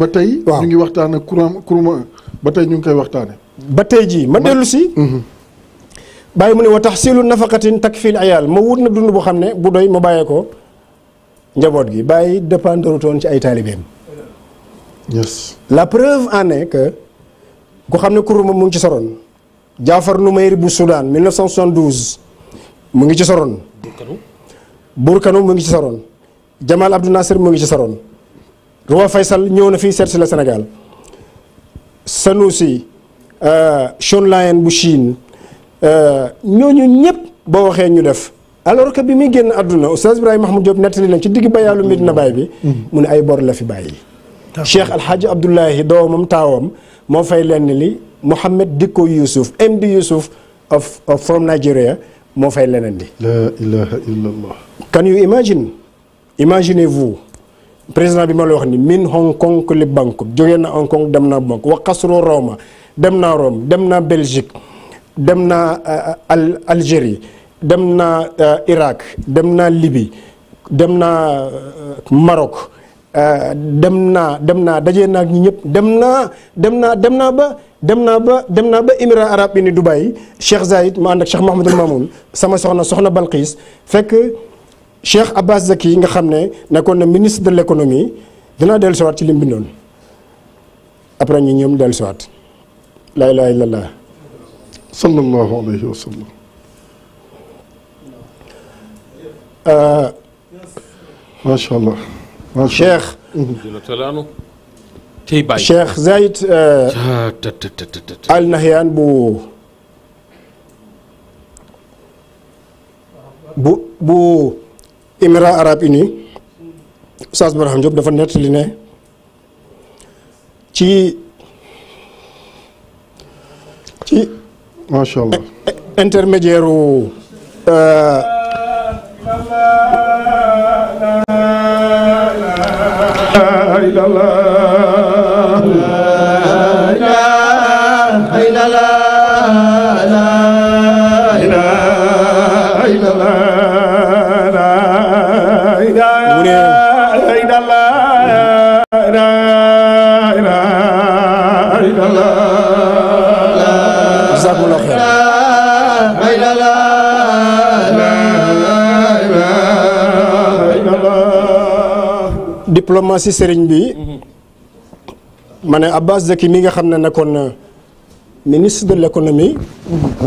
ba tey. waaw ñu ngi waxtaan ak kurma ba tey ñu ngi koy waxtaanee. ba tey jii ma dellu si. Mhm. bàyyi mu ne tax wa tahsilu nafaqatin takfil ayal ma wut na dund boo xam ne bu doy ma bàyyee ko njaboot gi bàyyi dépendre toon ci ay taalibeem. la preuve en est que ku xam ne kurma mu ngi ci soroon. Jaafar Numeyri bu Soudan 1972 mu ngi ci soroon. Burkanu. Burkanu mu ngi ci soroon. Jamal Abdou Nasser mu ngi ci soroon. Roi Faisal ñëw na fii seet si la Sénégal Sanusi euh, Sean Lyne bu Chine euh, ñooñu ñëpp boo waxee ñu def alors que bi muy génn àdduna Oustaz Ibrahima Mahmoud Diop nettali nañ ci digg bayaalu mm-hmm. Medina Baay bi mm-hmm. mu ne ay bor la fi bàyyi Cheikh Alhaji Abdoulahi doomam taawam moo fay lenn li Mohammed Dikko Yusuf MD Yusuf of, from Nigeria moo fay leneen li can you imagine imaginez-vous président bi ma la wax ni min Hong Kong li Bangkok jógee na Hong Kong dem naa Bangkok wa qasru Roma dem naa Rome dem naa Belgique dem naa euh, al dem naa euh, Irak dem naa Libye dem naa euh, marok dem na dem naa dajee naa ak ñëpp dem na dem naa dem naa ba dem naa ba dem naa ba émirats arabes unis Dubaï Cheikh Zayed ma ànd ak Cheikh Mouhamadul Mamoun sama soxna soxna Balqis fekk. Cheikh Abbas Zaki nga xam ne nekkoon na ministre de l' économie dinaa dellusiwaat ci li mu bindoon après ñu ñoom dellusiwaat. laa ilaaha Al Nahyan bu bu bu. Émirats arabes unis Oustaz Barham Diop dafa nettali ne ci ci. macha diplomatie sëriñ bi ma ne Abbas Zaki mi nga xam ne nekkoon na euh, ministre de